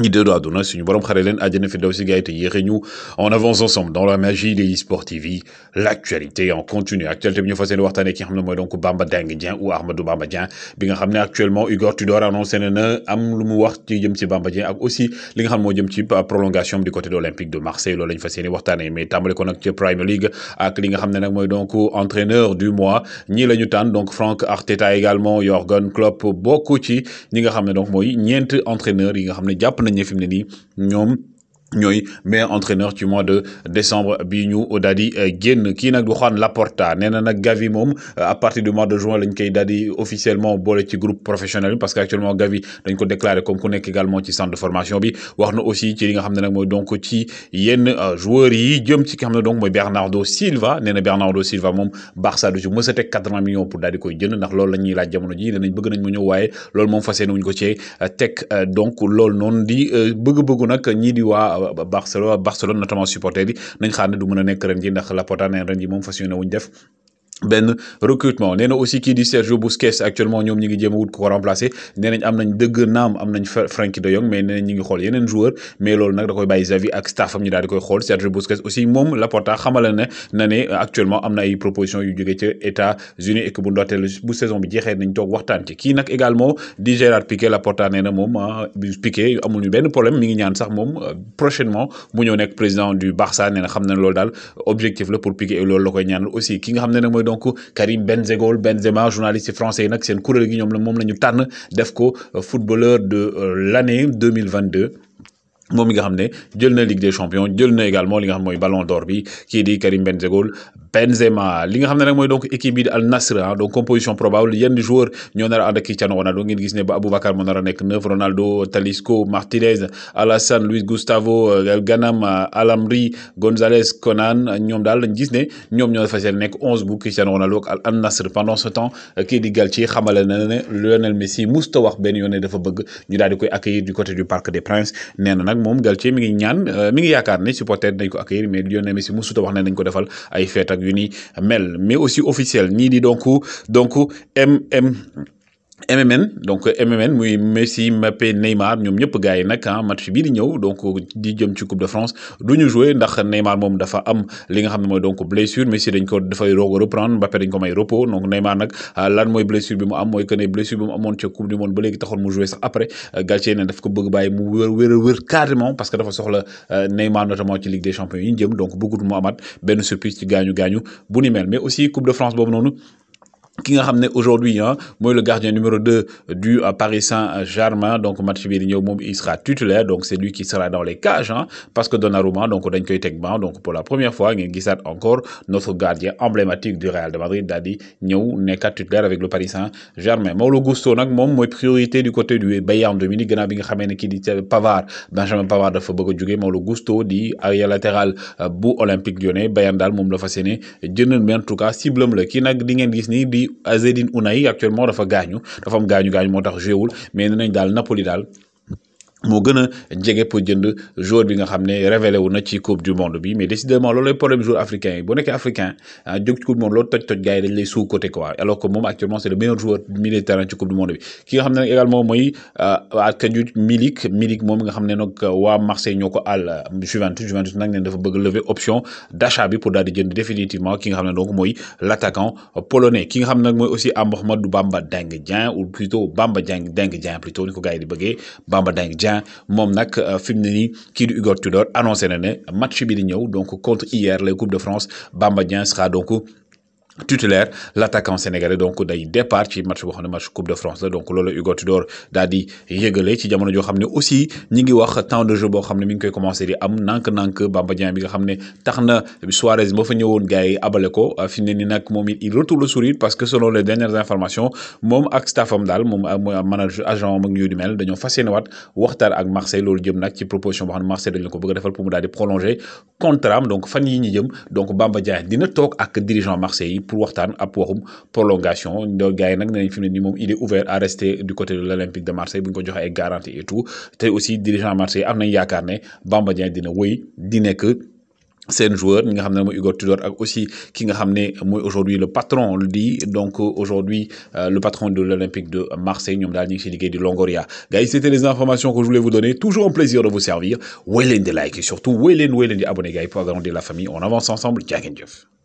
ñi déedoo àdduna suñu borom xare leen àjjana fi daw si gars yi ñu on avance ensemble dans la magie des e-Sport TV l'actualité en continu actualité bi ñu fas yéene waxtaanee ki nga xam donc Bamba Dieng ou Ahmadou Bamba Dieng bi nga xam actuellement Igor Tudor annoncé na na am lu mu wax ci jëm ci Bamba Dieng ak aussi li nga xam moo jëm ci prolongation du côté de l'Olympique de Marseille loolu la ñu fas yéene waxtaanee mais tàmbale ko nag ci Premier League ak li nga xam ne nag donc entraîneur du mois ñii la ñu tànn donc Franck Arteta également Jürgen Klopp bokk ci ñi nga xam donc mooy ñeent entraîneur yi nga xam ne nañ ne fi ne nii ñoom ñooy meilleur entraîneur du mois de décembre bi ñu Guen di euh, génn kii du Juan Laporta nee na Gavi mom euh, à partir du mois de juin lañ koy dadi officiellement bolé ci groupe professionnel parce que actuellement Gavi dañ ko déclaré comme ku nek également ci centre de formation bi waxna aussi ci li nga xamné nak moy donc ci yenn euh, joueur yi jëm ci ki nga xam donc moy Bernardo Silva nee Bernardo Silva mom Barça du ci mës 40 millions pour dadi di koy jënd ndax loolu la ñuy laaj jamono ji nenañ nañ bëgg nañ mu ñëw waye lool mom fassé yéene ko ci tek donc lool non di bëgg-bëggu nak ñi di wa Barcelone Barcelone notamment supporters yi nañ xaar ne du a nekk ren ji ndax Laporta neen ren ji moom fas yéene wuñ def ben recrutement nee aussi qui dit Sergio Busquets actuellement ñom ñi ngi jéem wut ko remplacer nee nañ am nañ dëgg naam am nañ Frenkie de Jong mais nee ñi ngi xol yenen joueur mais lool nak da koy bàyyi Xavi ak staffam ñu daal di koy xool Sergio Busquets aussi moom Laporta xamale ne na ne actuellement amna ay proposition yu jogé ci États-Unis et que bu ndorteel bu saison bi jéxé nañ tok waxtaan ci ki nak également di Gerard Piqué Laporta nee na moom ah, Piqué amul ñu ben problème mi ngi ñaan sax mom euh, prochainement bu ñëw nek président du Barça nee na xam na daal objectif la pour Piqué et loolu la koy ñaanal aussi ki nga xam ne nag donc Karim Benzegol Benzema journaliste français nak un courrier de gi ñoom la mom la def ko euh, footballeur de euh, l'année 2022 il a nga xamné Ligue des champions jël na également li nga Ballon d'Or qui ki di Karim Benzegol Benzema li nga xam nak moy donc équipe bi Al Nassr ah, donc composition probable yenn joueur ñoo nar a ak Cristiano Ronaldo ngeen gis ne ba Abou Bakar mo a nekk 9 Ronaldo Talisco Martinez Alassane Luis Gustavo euh, Ganam euh, Alamri Gonzalez Conan ñom dal lañ gis ne ñom ñoo fas nek nekk onze bu Cristiano Ronaldo ak Al Nassr pendant ce temps euh, ki di Galtier xamale na ne Lionel Messi musta wax benn yoon dafa bëgg ñu dal di koy accueillir du côté du Parc des Princes nee nak mom moom Galtier mi ngi ñaan mi ngi yaakaar ne supporter dañ ko accueillir mais Lionel Messi musta wax ne dañ ko defal ay fête ak mais aussi officiel ni di donc donc m MMN donc MMN muy Messi Mbappé Neymar ñom ñëpp peut nak hein match bi di ñëw donc di jëm ci coupe de France duñu nous ndax Neymar mom dafa am li nga moy donc blessure Messi dañ ko dafay rogo reprendre Mbappé dañ ko may repos donc Neymar nak ah, lan moy blessure bi mu am moy que blessure bi mu amone ci coupe du monde ba légui taxoon mu jouer sax après ah, Galtier ne daf ko bëgg bàyyi mu wër wër wër carrément parce que dafa soxla ah, Neymar notamment ci Ligue des champions yi ñu jëm donc bëggut mu amaat ben surprise ci gañu gañu bu ni mel mais aussi coupe de France bobu nonu qui nga xamné aujourd'hui hein, Moi, le gardien numéro 2 euh, du euh, Paris Saint-Germain donc Mathieu bii il sera titulaire donc c'est lui qui sera dans les cages hein, parce que Donnarumma donc dañ koy tek ban donc pour la première fois ngeen gissat encore notre gardien emblématique du Real de Madrid Dadi di nekat titulaire avec le Paris Saint-Germain Maulo Gusto nak mom moy priorité du côté du Bayern de Munich gannaaw bi nga xamee ne di Pavard Benjamin Pavard dafa bëgg a jóge Gusto di arrière latéral euh, bu Olympique Lyonnais Bayern dal mom la fas yéene mais en tout cas ciblem la ki nak di ngeen gis di Azzedine Ounahi actuellement dafa gaañu dafa am gaañu gaañu moo tax joué wul mais nee nañ daal Napoli daal. mo gëna a pour jënd joueur bi nga xamné révélé wu na ci coupe du monde bi mais décidément loolu problème joueur africain bo bu africain djog ah, ci coupe du monde lo toj toj gaay dañ lay sous côté quoi alors que mom actuellement c'est le meilleur joueur milieu de terrain ci coupe du monde bi ki nga xamné également moy également mooy ah, Milik Milik moom nga xamné nok wa Marseille ñoko al Juventus Juventus nag neen dafa bëgg lever option d'achat bi pour daal di jënd définitivement ki nga xamné donc mooy l' polonais ki nga xam ne nag aussi Amadou Bamba Dieng ou plutôt Bamba Dieng Dieng plutôt ni ko gars di bëggé Bamba Dieng Momnak Nak, moom euh, Kid Hugo Tudor annoncé match donc contre hier les Coupe de France Bamba sera donc titulaire l'attaquant sénégalais donc day départ ci match boo xam match coupe de France la donc lolo Hugo Tudor daal di yëgale ci jamono jo xamné aussi ñi ngi wax temps de jeu bo xamné mi ngi koy commencer di am nank-nank Bamba Dieng bi nga xam ne tax Suarez fa ñëwoon gars abalé ko ah, fi mu ne nii il retourne le sourire parce que selon les dernières informations mom ak staffam dal mom ah, manager agent am ak ñooy du mel dañu fas yéene ak Marseille lolu jëm nak ci proposition bo xamné Marseille dañ ko bëgg defal pour mu daal di prolonger contrat donc fan yi ñi jëm donc Bamba Dieng dina tok ak dirigeant Marseille pour waxtaan pour waxum prolongation do gars il est ouvert à rester du côté de l'Olympique de Marseille il est ko joxe garanti et tout te aussi dirigeant Marseille am y a ne Bamba Dieng dina di joueur nous nga xam ne Tudor ak aussi qui nga xam aujourd'hui le patron on le dit donc aujourd'hui euh, le patron de l'Olympique de Marseille N'yom d'Alin chez de Longoria gars c'était les informations que je voulais vous donner toujours un plaisir de vous servir woy leen like et surtout woy leen di abonné pour agrandir la famille on avance ensemble Jack and